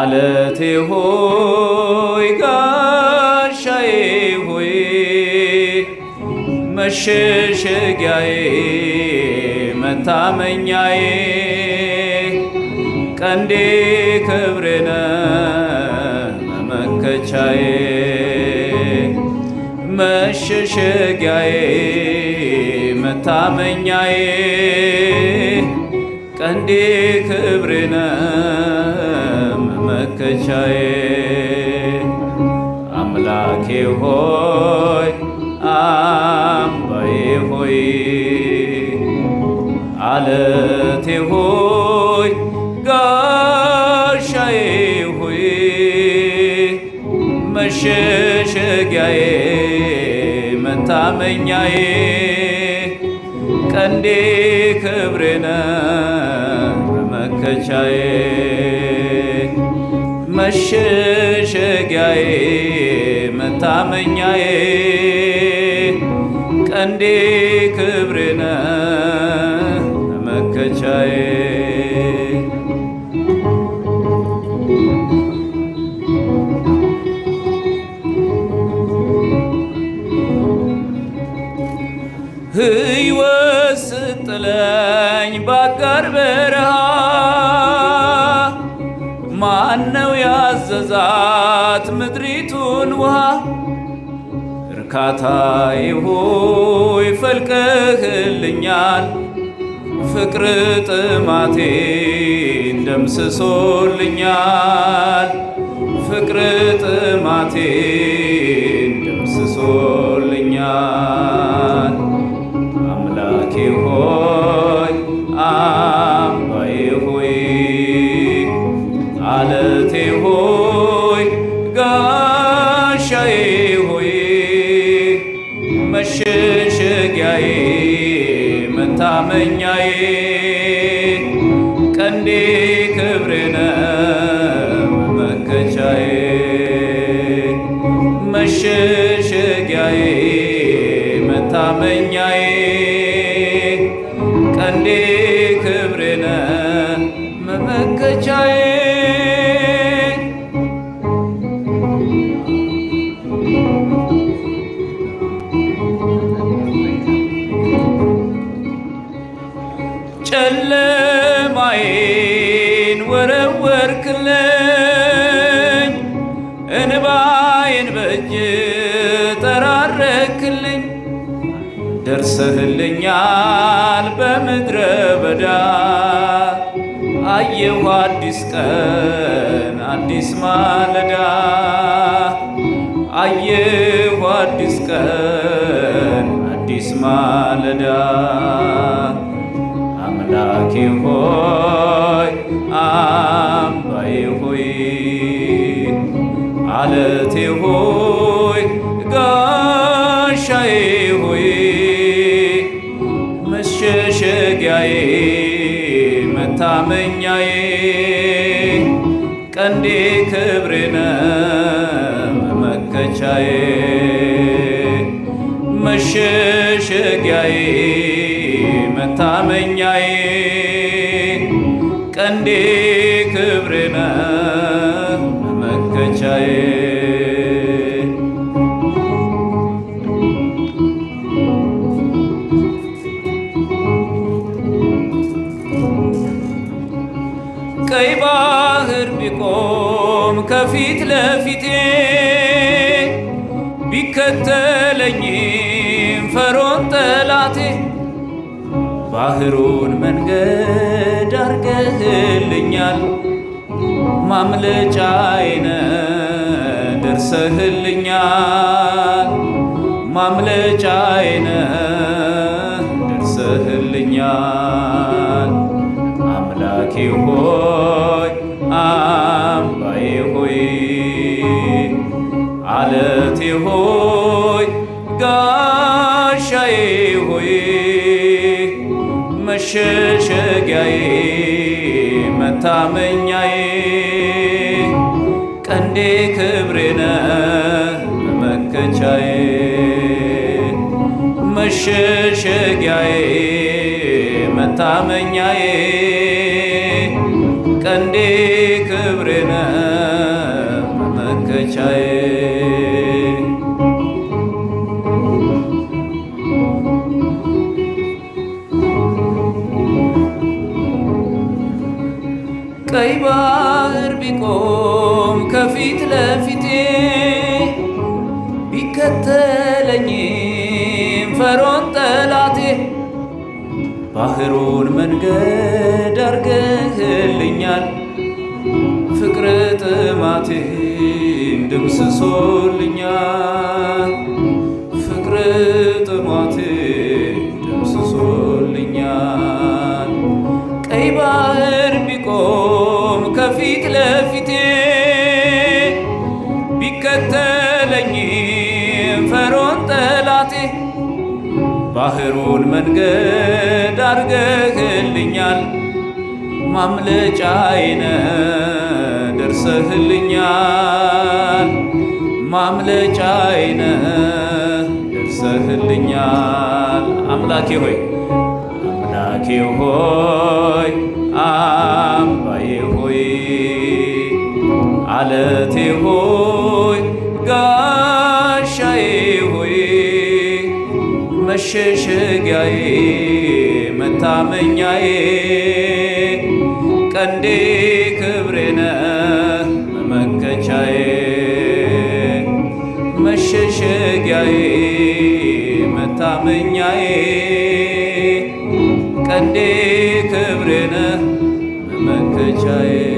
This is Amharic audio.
አለቴ ሆይ ጋሻዬ ሆይ መሸሸጊያዬ መታመኛዬ ቀንዴ ክብሬነ መመከቻዬ መሸሸጊያዬ መታመኛዬ ቀንዴ ክብሬነ መመከቻዬ አምላኬ ሆይ አምባዬ ሆይ አለቴ ሆይ ጋሻዬ ሆይ መሸሸጊያዬ መታመኛዬ ቀንዴ ክብሬነ መመከቻዬ መሸሸጊያዬ መታመኛዬ ቀንዴ ክብሬነ መከቻዬ ህይወት ስጥለኝ ባጋር በረሃ አዘዛት ምድሪቱን ውሃ እርካታ ይሁይ ፈልቅህልኛል ፍቅር ጥማቴን ደምስሶልኛል ፍቅር ጥማቴን ደምስሶልኛል ቀንዴ መከቻዬ መሸ ጨለማዬን ወረወርክልኝ፣ እንባዬን በእጅ ጠራረክልኝ። ደርሰህልኛል በምድረ በዳ አየሁ አዲስ ቀን አዲስ ማለዳ አየሁ አዲስ ቀን አዲስ ማለዳ አምላኬ ሆይ ሆይ አለቴ ሆይ ጋሻዬ ሆይ መሸሸጊያዬ መታመኛዬ ቀንዴ ክብሬነ መመከቻዬ መሸሸጊያዬ መታመኛዬ ቀንዴ ክብሬ ነህ መመከቻዬ ቀይ ባህር ቢቆም ከፊት ለፊቴ ቢከተለኝም ፈሮን ጠላቴ ባህሩን መንገድ ሆነኛል ማምለጫዬን ደርሰህልኛል ማምለጫዬን ደርሰህልኛል አምላኬ ሆይ አምባዬ ሆይ አለቴ ሆይ ጋሻዬ ሆይ መሸ መኛዬ ቀንዴ ክብሬ ነህ መመከቻዬ መሸሸጊያዬ መታመኛዬ ቀንዴ ቀይ ባህር ቢቆም ከፊት ለፊቴ ቢከተለኝም ፈሮን ጠላቴ ባህሩን መንገድ አርገህልኛል ፍቅር ጥማቴን ደምስሶልኛል ፍቅር ባህሩን መንገድ አርገህልኛል፣ ማምለጫዬን ደርሰህልኛል፣ ማምለጫዬን ደርሰህልኛል። አምላኬ ሆይ አምላኬ ሆይ አምባዬ ሆይ አለት መሸሸጊያዬ መታመኛዬ ቀንዴ ክብሬነ መመከቻዬ መሸሸጊያዬ መታመኛዬ ቀንዴ መመከቻዬ